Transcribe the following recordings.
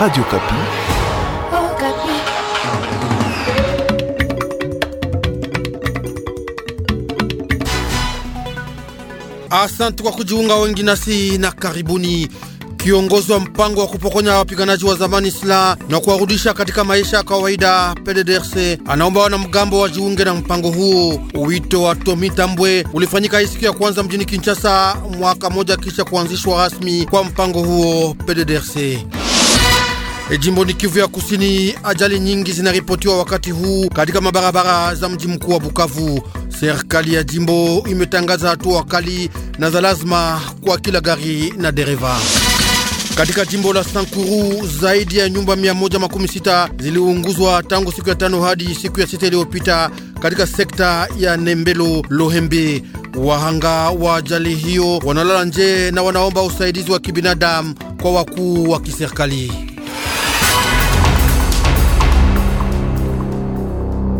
Radio Kapi. Oh, Kapi. Asante kwa kujiunga wengi nasi na karibuni. Kiongozi wa mpango wa kupokonya wapiganaji wa zamani silaha na kuwarudisha katika maisha ya kawaida PDDRC anaomba wanamgambo wajiunge na mpango huo. Wito wa Tomi Tambwe ulifanyika siku ya kwanza mjini Kinshasa, mwaka moja kisha kuanzishwa rasmi kwa mpango huo PDDRC. E, Jimboni Kivu ya Kusini, ajali nyingi zinaripotiwa wakati huu katika mabarabara za mji mkuu wa Bukavu. Serikali ya jimbo imetangaza hatua kali na za lazima kwa kila gari na dereva. Katika jimbo la Sankuru zaidi ya nyumba 116 ziliunguzwa tangu siku ya tano hadi siku ya sita iliyopita katika sekta ya Nembelo Lohembe. Wahanga wa ajali hiyo wanalala nje na wanaomba usaidizi wa kibinadamu kwa wakuu wa kiserikali.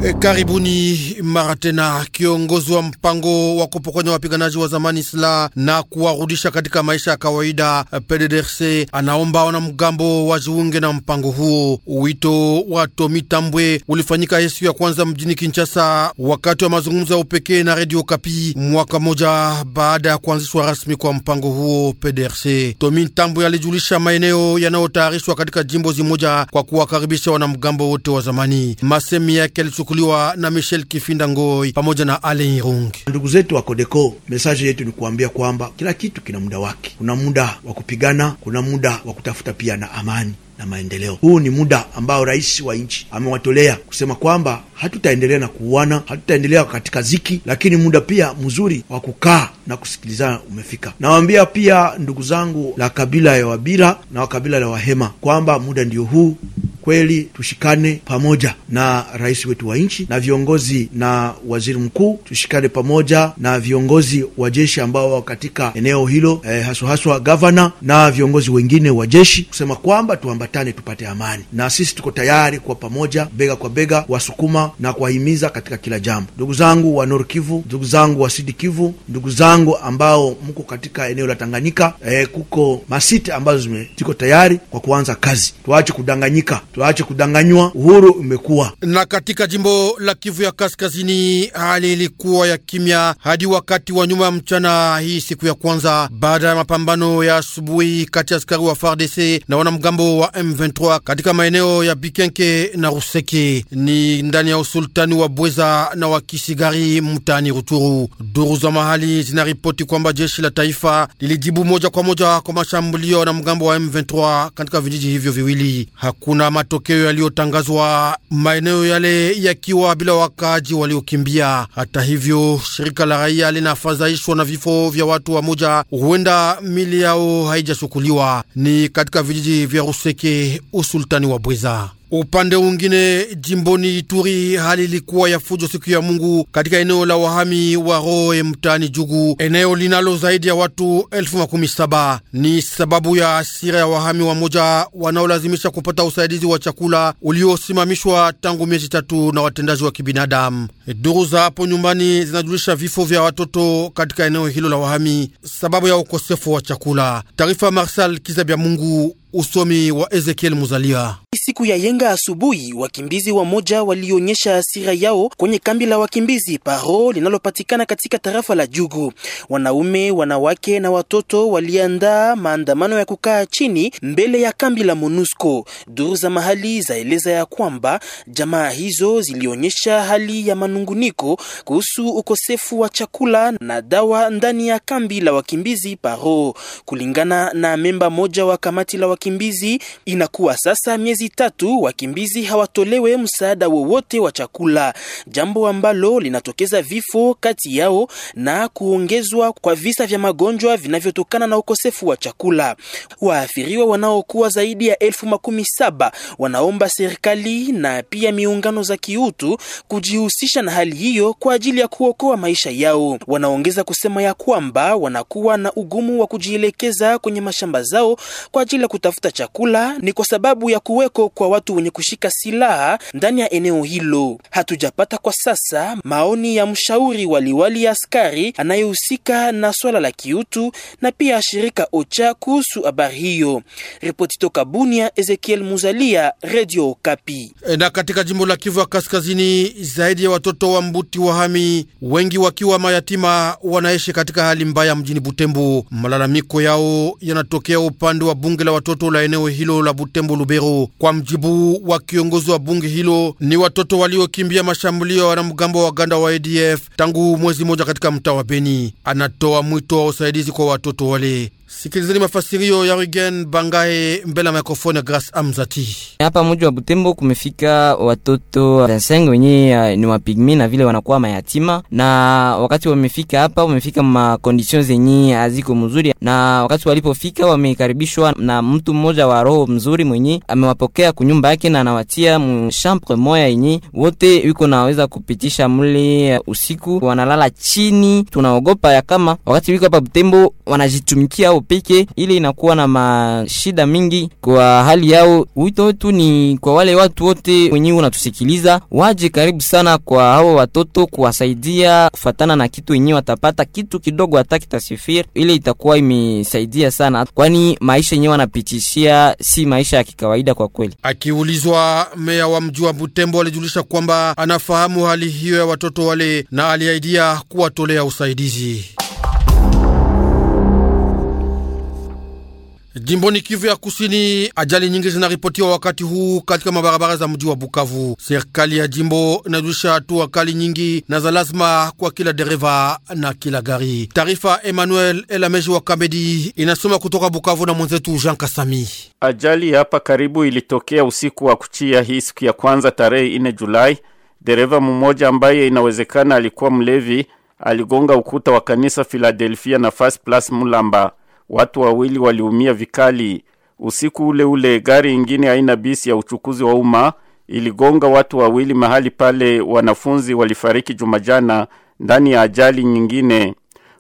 Eh, karibuni mara tena. Kiongozi wa mpango wa kupokonya wapiganaji wa zamani silaha na kuwarudisha katika maisha ya kawaida PDDRC anaomba wanamgambo wajiunge na mpango huo. Wito wa Tomi Tambwe ulifanyika hii siku ya kwanza mjini Kinshasa wakati wa mazungumzo ya upekee na Radio Kapi mwaka moja baada ya kuanzishwa rasmi kwa mpango huo PDRC. Tomi Tambwe alijulisha maeneo yanayotayarishwa katika jimbo zimoja kwa kuwakaribisha wanamgambo wote wa zamani. Masemi yake kuchukuliwa na Michel Kifinda Ngoi pamoja na Alen Irung. Ndugu zetu wa Kodeko, mesaje yetu ni kuambia kwamba kila kitu kina muda wake. Kuna muda wa kupigana, kuna muda wa kutafuta pia na amani na maendeleo. Huu ni muda ambao rais wa nchi amewatolea kusema kwamba hatutaendelea na kuuana, hatutaendelea katika ziki, lakini muda pia mzuri wa kukaa na kusikilizana umefika. Nawaambia pia ndugu zangu la kabila ya Wabira na wa kabila la Wahema kwamba muda ndio huu kweli tushikane pamoja na rais wetu wa nchi na viongozi na waziri mkuu, tushikane pamoja na viongozi wa jeshi ambao wako katika eneo hilo eh, haswa haswa gavana na viongozi wengine wa jeshi kusema kwamba tuambatane tupate amani, na sisi tuko tayari kwa pamoja, bega kwa bega, kuwasukuma na kuwahimiza katika kila jambo. Ndugu zangu wa Nord Kivu, ndugu zangu wa Sud Kivu, ndugu zangu ambao mko katika eneo la Tanganyika, eh, kuko masiti ambazo ziko tayari kwa kuanza kazi. Tuache kudanganyika tuache kudanganywa, uhuru umekuwa. Na katika jimbo la Kivu ya Kaskazini, hali ilikuwa ya kimya hadi wakati wa nyuma ya mchana hii siku ya kwanza, baada ya mapambano ya asubuhi kati ya askari wa FARDC na wanamgambo wa M23 katika maeneo ya Bikenke na Ruseke ni ndani ya usultani wa Bweza na wa Kisigari mtaani Ruturu. Duru za mahali zinaripoti kwamba jeshi la taifa lilijibu moja kwa moja kwa mashambulio na mgambo wa M23 katika vijiji hivyo viwili. Hakuna matokeo yaliyotangazwa, maeneo yale yakiwa bila wakaaji waliokimbia. Hata hivyo, shirika la raia linafadhaishwa na vifo vya watu wa moja, huenda mili yao haijachukuliwa. Ni katika vijiji vya Ruseke, usultani wa Bwiza. Upande mwingine jimboni Ituri hali ilikuwa ya fujo siku ya Mungu katika eneo la wahami wa Roe mtaani Jugu, eneo linalo zaidi ya watu elfu makumi saba. Ni sababu ya asira ya wahami wamoja wanaolazimisha kupata usaidizi wa chakula uliosimamishwa tangu miezi tatu na watendaji wa kibinadamu. Duru za hapo nyumbani zinajulisha vifo vya watoto katika eneo hilo la wahami sababu ya ukosefu wa chakula. Taarifa Marsal Kizabya Mungu, usomi wa Ezekiel Muzalia siku ya yenga asubuhi, wakimbizi wamoja walionyesha hasira yao kwenye kambi la wakimbizi Paro linalopatikana katika tarafa la Jugu. Wanaume, wanawake na watoto waliandaa maandamano ya kukaa chini mbele ya kambi la MONUSCO. Duru za mahali zaeleza ya kwamba jamaa hizo zilionyesha hali ya manunguniko kuhusu ukosefu wa chakula na dawa ndani ya kambi la wakimbizi Paro. Kulingana na memba moja wa kamati la wakimbizi, inakuwa sasa miezi tatu wakimbizi hawatolewe msaada wowote wa chakula, jambo ambalo linatokeza vifo kati yao na kuongezwa kwa visa vya magonjwa vinavyotokana na ukosefu wa chakula. Waathiriwa wanaokuwa zaidi ya elfu makumi saba wanaomba serikali na pia miungano za kiutu kujihusisha na hali hiyo kwa ajili ya kuokoa maisha yao. Wanaongeza kusema ya kwamba wanakuwa na ugumu wa kujielekeza kwenye mashamba zao kwa ajili ya kutafuta chakula, ni kwa sababu ya kuweko kwa watu wenye kushika silaha ndani ya eneo hilo. Hatujapata kwa sasa maoni ya mshauri wa liwali ya askari anayehusika na swala la kiutu na pia shirika OCHA kuhusu habari hiyo. Ripoti toka Bunia, Ezekiel Muzalia, Radio Okapi. Eh, na katika jimbo la Kivu ya Kaskazini, zaidi ya watoto wa mbuti wa hami, wengi wakiwa mayatima, wanaishi katika hali mbaya mjini Butembo. Malalamiko yao yanatokea upande wa bunge la watoto la eneo hilo la Butembo Lubero kwa mjibu wa kiongozi wa bunge hilo, ni watoto waliokimbia mashambulio na mgambo wa Uganda wa ADF tangu mwezi mmoja katika mtaa wa Beni. Anatoa mwito wa usaidizi kwa watoto wale. Sikilizeni mafasirio ya Rugen Bangae mbele ya mikrofoni Grace Amzati. Hapa mji wa Butembo kumefika watoto 25 wenye eh, ni wapigmi na vile wanakuwa mayatima, na wakati wamefika hapa wamefika ma condition zenye haziko mzuri, na wakati walipofika wamekaribishwa na mtu mmoja wa roho mzuri mwenye amewapokea kunyumba yake na anawatia mshambre moya yenye wote yuko naweza kupitisha mle eh, usiku, wanalala chini. Tunaogopa ya kama wakati wiko hapa Butembo wanajitumikia upike, ili inakuwa na mashida mingi kwa hali yao. Wito wetu ni kwa wale watu wote wenyewe unatusikiliza, waje karibu sana kwa hao watoto, kuwasaidia kufatana na kitu yenyewe watapata kitu kidogo, hata kitasifiri, ile itakuwa imesaidia sana, kwani maisha yenyewe wanapitishia si maisha ya kikawaida kwa kweli. Akiulizwa, meya wa mji wa Butembo alijulisha kwamba anafahamu hali hiyo ya watoto wale na aliaidia kuwatolea usaidizi. Jimboni Kivu ya Kusini, ajali nyingi zinaripotiwa wakati huu katika mabarabara za mji wa Bukavu. Serikali ya jimbo inajulisha hatua kali nyingi na za lazima kwa kila dereva na kila gari. Taarifa Emmanuel Elameji wa Kamedi inasoma kutoka Bukavu na mwenzetu Jean Kasami. Ajali hapa karibu ilitokea usiku wa kuchia hii siku ya kwanza tarehe 4 Julai. Dereva mmoja ambaye inawezekana alikuwa mlevi aligonga ukuta wa kanisa Philadelphia na First Plus Mulamba Watu wawili waliumia vikali. Usiku ule ule gari ingine aina bisi ya uchukuzi wa umma iligonga watu wawili mahali pale wanafunzi walifariki Jumajana ndani ya ajali nyingine.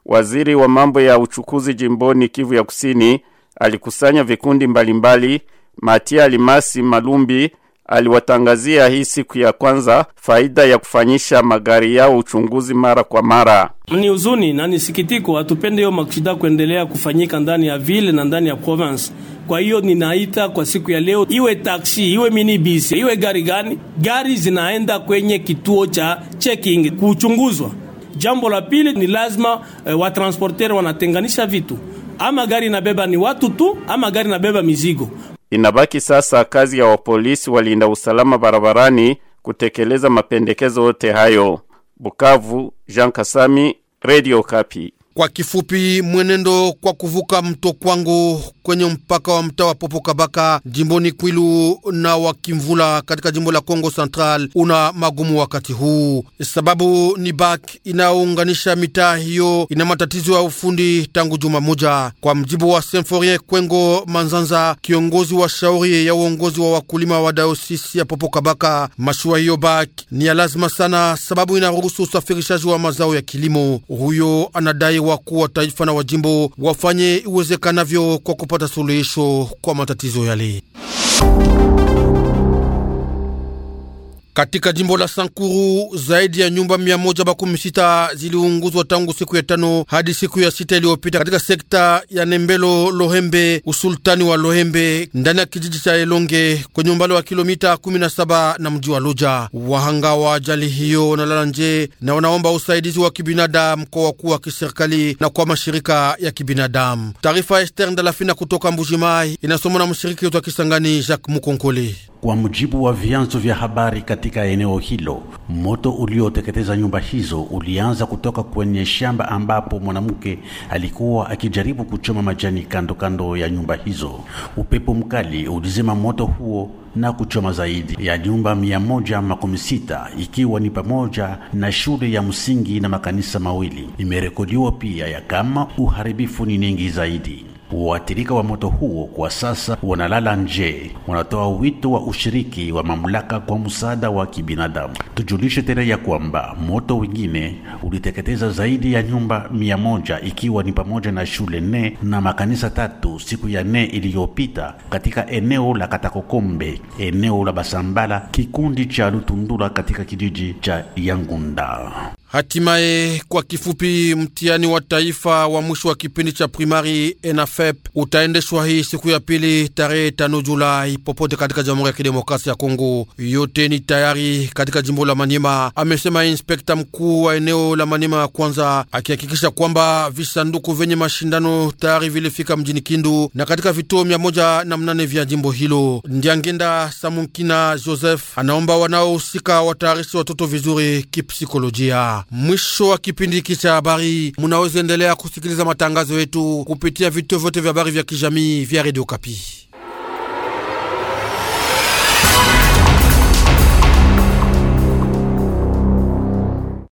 Waziri wa mambo ya uchukuzi jimboni Kivu ya Kusini alikusanya vikundi mbalimbali. Matia Alimasi Malumbi aliwatangazia hii siku ya kwanza faida ya kufanyisha magari yao uchunguzi mara kwa mara. Ni huzuni na ni sikitiko, hatupende hiyo makushida kuendelea kufanyika ndani ya ville na ndani ya province. Kwa hiyo ninaita kwa siku ya leo, iwe taksi, iwe minibus, iwe gari gani, gari zinaenda kwenye kituo cha checking kuchunguzwa. Jambo la pili ni lazima eh, watransporter wanatenganisha vitu, ama gari inabeba ni watu tu, ama gari inabeba mizigo. Inabaki sasa kazi ya wapolisi walinda usalama barabarani kutekeleza mapendekezo yote hayo. Bukavu, Jean Kasami, Radio Kapi. Kwa kifupi, mwenendo kwa kuvuka mto Kwango kwenye mpaka wa mtaa wa popo Kabaka jimboni Kwilu na wa Kimvula katika jimbo la Kongo Central una magumu wakati huu. Sababu ni bak inayounganisha mitaa hiyo ina matatizo ya ufundi tangu juma moja, kwa mjibu wa Symphorien Kwengo Manzanza, kiongozi wa shauri ya uongozi wa wakulima wa dayosisi ya popo kabaka Mashua hiyo bak ni ya lazima sana, sababu inaruhusu usafirishaji wa mazao ya kilimo. Huyo anadai wakuu wa taifa na wajimbo wafanye iwezekanavyo kwa kupata suluhisho kwa matatizo yale. Katika jimbo la Sankuru zaidi ya nyumba mia moja makumi sita ziliunguzwa tangu siku ya tano hadi siku ya sita iliyopita katika sekta ya Nembelo Lohembe, usultani wa Lohembe, ndani ya kijiji cha Elonge kwenye umbali wa kilomita 17 na mji wa Luja. Wahanga wa ajali hiyo wanalala nje na wanaomba usaidizi wa kibinadamu kwa wakuu wa kiserikali na kwa mashirika ya kibinadamu. Taarifa ya Ester Ndalafina kutoka Mbujimai inasomwa na mshiriki wetu wa Kisangani Jacques mukonkoli kwa mujibu wa vyanzo vya habari katika eneo hilo, moto ulioteketeza nyumba hizo ulianza kutoka kwenye shamba ambapo mwanamke alikuwa akijaribu kuchoma majani kando kando ya nyumba hizo. Upepo mkali ulizima moto huo na kuchoma zaidi ya nyumba mia moja makumi sita ikiwa ni pamoja na shule ya msingi na makanisa mawili. Imerekodiwa pia ya kama uharibifu ni nyingi zaidi. Waathirika wa moto huo kwa sasa wanalala nje. Wanatoa wito wa ushiriki wa mamlaka kwa msaada wa kibinadamu. Tujulishe tena ya kwamba moto wengine uliteketeza zaidi ya nyumba mia moja ikiwa ni pamoja na shule nne na makanisa tatu siku ya nne iliyopita katika eneo la Katakokombe, eneo la Basambala, kikundi cha Lutundula katika kijiji cha Yangunda. Hatimaye, kwa kifupi, mtihani wa taifa wa mwisho wa kipindi cha primari ENAFEP utaendeshwa hii siku ya pili tarehe tano Julai popote katika Jamhuri ya Kidemokrasia ya Kongo. Yote ni tayari katika jimbo la Manyema, amesema inspekta mkuu wa eneo la Manyema ya kwanza, akihakikisha kwamba visanduku vyenye mashindano tayari vilifika mjini Kindu na katika vituo mia moja na mnane vya jimbo hilo. Ndiangenda Samunkina Joseph anaomba wanaohusika watayarishi watoto vizuri kipsikolojia. Mwisho wa kipindi hiki cha habari, munaweza endelea kusikiliza matangazo yetu kupitia vituo vyote vya habari vya kijamii vya redio Kapi.